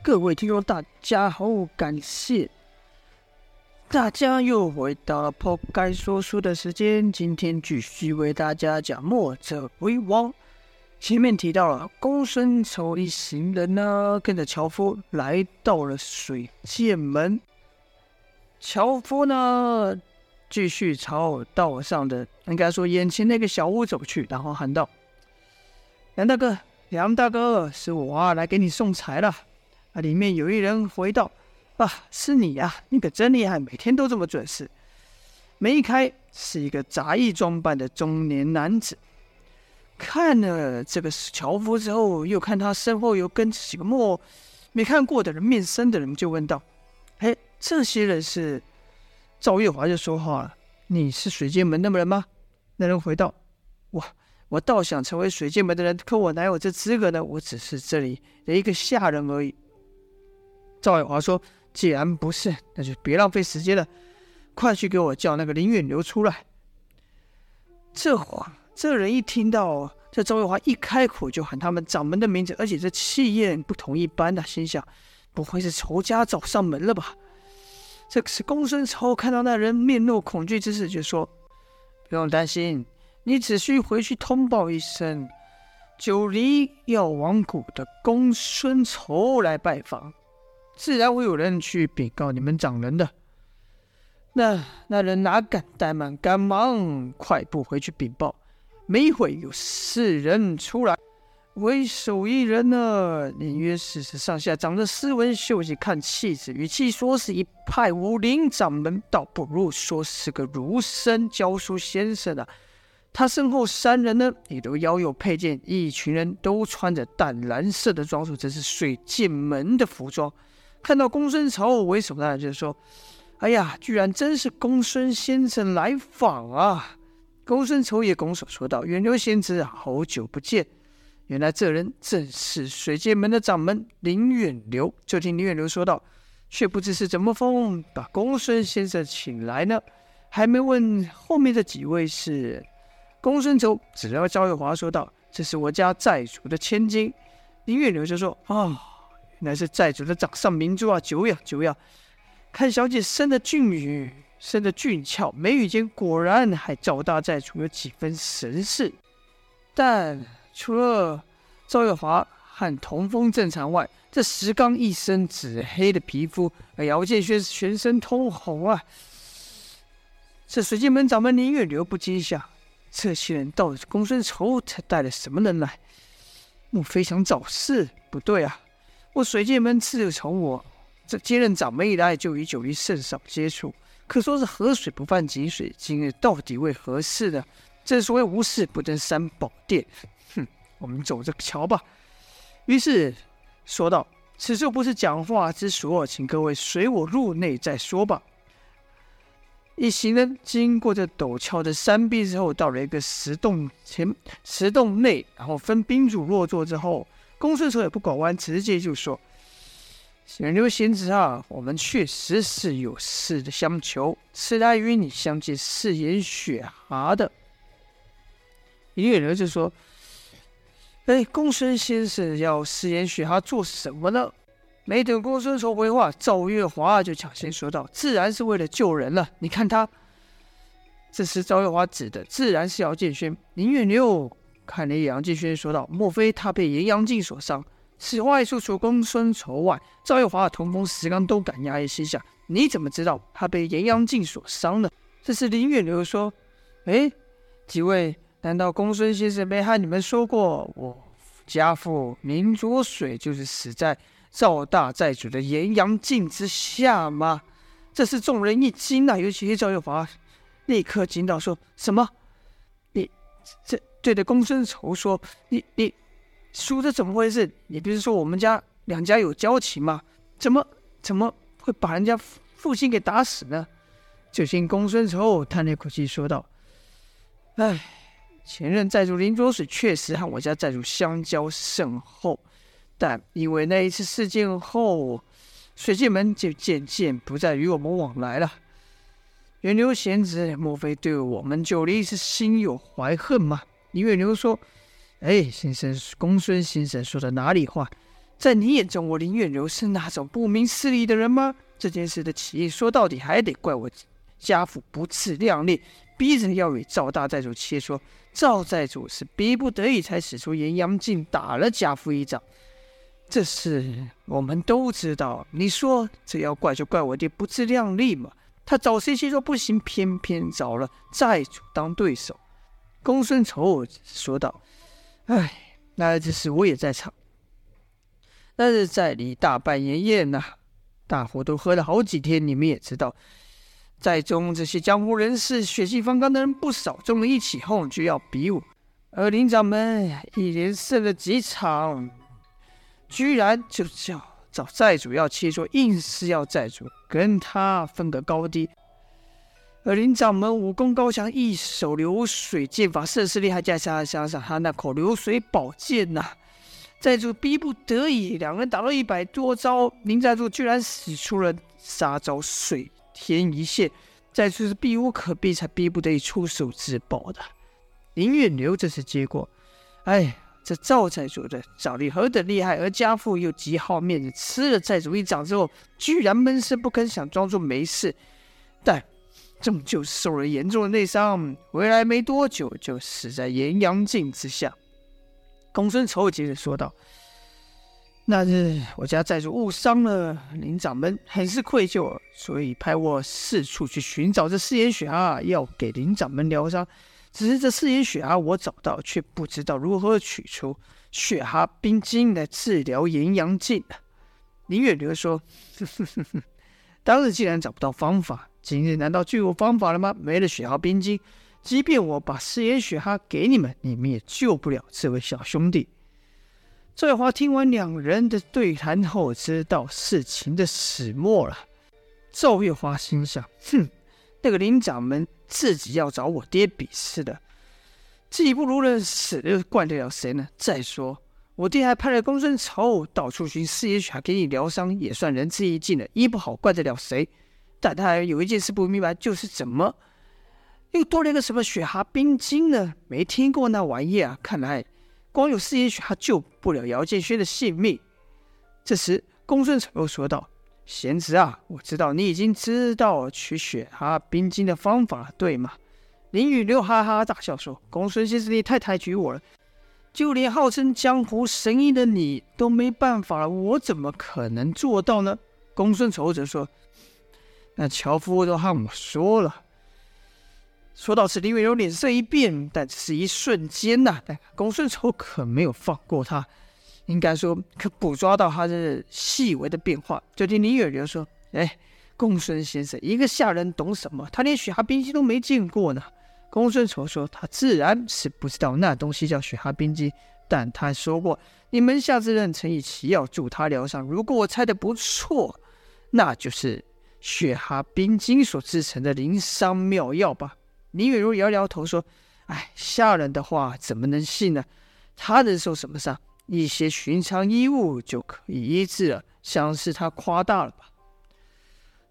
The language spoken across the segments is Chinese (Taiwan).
各位聽眾，大家好，感謝大家又回到了破開說書的時間。今天繼續為大家講《墨者為王》。前面提到了公孫丑一行人呢、啊，跟着樵夫來到了水劍門。樵夫呢，繼續朝我道上的應該說眼前那個小屋走去，然後喊道：“樑大哥，梁大哥，是我、啊、來給你送財了。”裡面有一人回道：“啊，是你呀、啊！你可真厲害，每天都這麼準時。”門一開，是一個雜役裝扮的中年男子。看了這個樵夫之後，又看他身後又跟着幾個沒沒看過的人面生的人，就問道：“嘿，這些人是？”趙月華就說話了：“你是水劍門的人嗎？”那人回道：“哇，我倒想成為水劍門的人，可我哪有這資格呢？我只是這裡的一個下人而已。”趙偉華說：“既然不是，那就別浪費時間了，快去給我叫那個林遠流出來。”這話，這人一聽到這趙偉華一開口就喊他們掌門的名字，而且這氣焰不同一般吶，心想：不會是仇家找上門了吧？這個是公孫仇看到那人面露恐懼之勢，就說：“不用擔心，你只需回去通報一聲，九黎藥王谷的公孫仇來拜訪。”自然會有人去稟告你們掌門的。那那人哪敢怠慢，趕忙快步回去稟報，沒一會，有四人出來，為首一人呢，年約四十上下，長得斯文秀氣，看氣質，與其說是一派武林掌門，倒不如說是個儒生教書先生啊。他身後三人呢，也都腰有佩劍，一群人都穿着淡藍色的裝束，這是水劍門的服裝。看到公孫仇為首的，就是說：“哎呀，居然真是公孫先生來訪啊！”公孫丑也拱手說道：“遠流仙子，好久不見。”原來這人正是水界門的掌門林遠流。就聽林遠流說道：“卻不知是怎麼風把公孫先生請來呢？還沒問後面的幾位是。”公孫丑指着趙玉華說道：“這是我家寨主的千金。”林遠流就說：“啊、哦。”乃是寨主的掌上明珠啊！久仰久仰。看小姐生的俊美，生的俊俏，眉宇間果然還趙大寨主有幾分神似。但除了趙月華和童風正常外，這石剛一身紫黑的皮膚，而姚建軒是全身通紅啊！這水晶門掌門林遠流，不禁想：這些人到底是公孫醜他帶了什麼人來？莫非想找事？不對啊！我水劍門自從我這接任掌門以來，就與九黎甚少接觸，可說是河水不犯井水。今日到底為何事呢？正所謂無事不登三寶殿，哼，我們走着瞧吧。於是說道：“此處不是講話之所，請各位隨我入內再說吧。”一行人經過這陡峭的山壁之後，到了一個石洞前，石洞內，然後分賓主落座之後。公孫丑也不拐彎，直接就說：“遠流仙子啊，我們確實是有事的相求，是來與你相見飾演雪蛤的。”林遠流就說：“哎、欸，公孫先生要飾演雪蛤做什麼呢？”沒等公孫丑回話，趙月華就搶先說道：“自然是為了救人了。你看他，這是趙月華指的，自然是要進宣。”林遠流。看了一眼楊繼軒說道：“莫非他被炎陽鏡所傷？”此話一出，除公孫仇外，趙月華、同風、石剛都感訝異，心想：“你怎麼知道他被炎陽鏡所傷呢？”這是林遠流說：“哎、欸，幾位，難道公孫先生沒和你們說過，我家父林卓水就是死在趙大寨主的炎陽鏡之下嗎？”這是眾人一驚啊，尤其是趙月華，立刻驚道，說什麼？你這……”對的，公孫仇說：“你你，輸這怎麼回事？你不是說我們家兩家有交情嗎？怎麼怎麼會把人家父親給打死呢？”就聽公孫仇嘆了一口氣說道：“哎，前任寨主林卓水確實和我家寨主相交甚厚，但因為那一次事件後，水進門就漸漸不再與我們往來了。遠流賢侄莫非對我們九黎是心有懷恨嗎？”林遠流說：“哎，先生，公孫先生說的哪裡話？在你眼中，我林遠流是那種不明事理的人嗎？這件事的起因，說到底還得怪我家父不自量力，逼着要與趙大寨主切磋。趙寨主是逼不得已才使出炎陽勁打了家父一掌。這事我們都知道。你說這要怪就怪我爹不自量力嘛？他找誰去切磋不行，偏偏找了寨主當對手。”公孫丑說道：“哎，那這事我也在場。那日在你大辦年宴呢，大夥都喝了好幾天。你們也知道，在中這些江湖人士血氣方剛的人不少，眾人一起哄就要比武，而林掌門一連勝了幾場，居然就叫找寨主要切磋，硬是要寨主跟他分個高低。”而林掌門武功高強，一手流水劍法甚是厲害，加上加上他那口流水寶劍吶，寨主逼不得已，兩人打了一百多招，林寨主居然使出了殺招水天一線，寨主是避無可避，才逼不得已出手自保的。林遠流這是結果。哎，這趙寨主的掌力何等厲害，而家父又極好面子，吃了寨主一掌之後，居然悶聲不吭，想裝作沒事，但。這麼就受了嚴重的內傷，回來沒多久就死在炎陽鏡之下。公孫丑接着說道：“那日我家寨主誤傷了林掌門，很是愧疚，所以派我四處去尋找這四眼血蛤，要給林掌門療傷。只是這四眼血蛤我找到，卻不知道如何取出血蛤冰晶來治療炎陽鏡。”林遠流說：“ 當日既然找不到方法。”今日難道就有方法了嗎？沒了雪哈冰晶，即便我把四爺雪哈給你們，你們也救不了這位小兄弟。趙月華聽完兩人的對談後，知道事情的始末了。趙月華心想：哼，那個林掌門自己要找我爹比試的，自己不如人死了，又怪得了誰呢？再說，我爹還派了公孫丑到處尋四爺雪哈給你療傷，也算仁至義盡了，醫不好怪得了誰？但他還有一件事不明白，就是怎麼又多了一個什麼雪蛤冰晶呢？沒聽過那玩意啊！看來光有四葉雪蛤救不了姚建勳的性命。這時，公孫丑又說道：“賢侄啊，我知道你已經知道取雪蛤冰晶的方法了，對嗎？”林遠流哈哈大笑說：“公孫先生，你太抬舉我了，就連號稱江湖神醫的你都沒辦法了，我怎麼可能做到呢？”公孫丑則說。那樵夫都和我們說了。說到此，林遠流臉色一變，但只是一瞬間吶、啊。但公孫丑可沒有放過他，應該說可捕捉到他的細微的變化。就聽林遠流說：“哎、欸，公孫先生，一個下人懂什麼？他連雪花冰機都沒見過呢。”公孫丑說：“他自然是不知道那東西叫雪花冰機，但他說過，你們下次認陳以奇要助他療傷。如果我猜的不錯，那就是。”雪蛤冰晶所制成的療傷妙藥吧？林月如搖搖頭說：“哎，下人的話怎麼能信呢？他能受什麼傷？一些尋常衣物就可以醫治了，像是他誇大了吧？”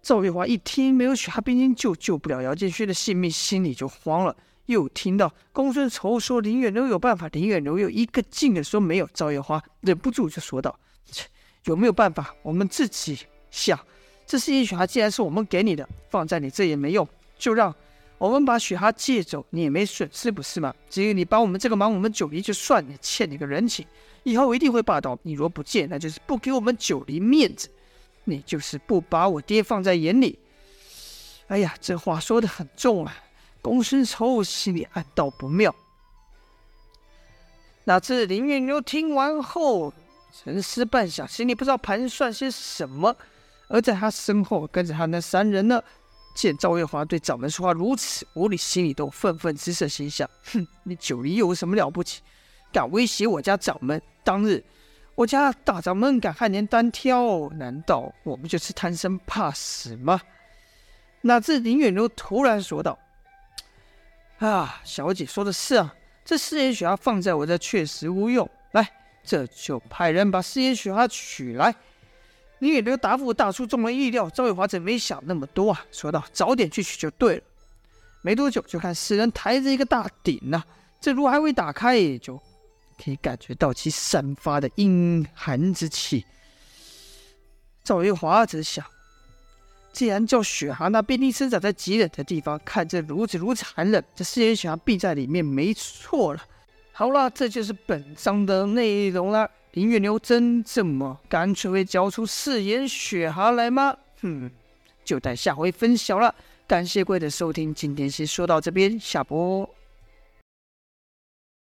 趙月華一聽沒有雪蛤冰晶就救，救不了姚建勳的性命，心裡就慌了。又聽到公孫仇說林月如有辦法，林月如又一個勁的說沒有。趙月華忍不住就說道：“有沒有辦法？我們自己想。”這是一血蛤，既然是我們給你的，放在你這也沒用，就讓我們把雪蛤借走，你也沒損失，是不是嗎？只有你幫我們這個忙，我們九黎就算你欠你個人情，以後一定會霸道。你若不借，那就是不給我們九黎面子，你就是不把我爹放在眼裡。哎呀，這話說得很重啊！公孫仇心裡暗道不妙。哪知林遠流聽完後，沉思半晌，心裡不知道盤算些什麼。而在他身後跟着他那三人呢？見趙月華對掌門說話如此無禮，我心裡都憤憤之色，心想：哼，你九黎有什麼了不起？敢威脅我家掌門？當日我家大掌門敢和您單挑，難道我們就是貪生怕死嗎？哪知林遠流突然說道：“啊，小姐說的是啊，這四眼雪花放在我這確實無用，來，這就派人把四眼雪花取來。”你給的答復大出眾人意料，趙玉華則沒想那麼多啊，說道：“早點去取就對了。”沒多久，就看四人抬着一個大鼎呢，啊，這爐還未打開，就，可以感覺到其散發的陰寒之氣。趙玉華只想：既然叫雪蛤，那必定生長在極冷的地方。看這爐子如此寒冷，這四隻雪蛤必在裡面，沒錯了。好了，這就是本章的內容了。林遠流真這麼乾脆會交出誓言雪蛤來嗎？哼、嗯，就待下回分曉了。感謝各位的收聽，今天先說到這邊，下播。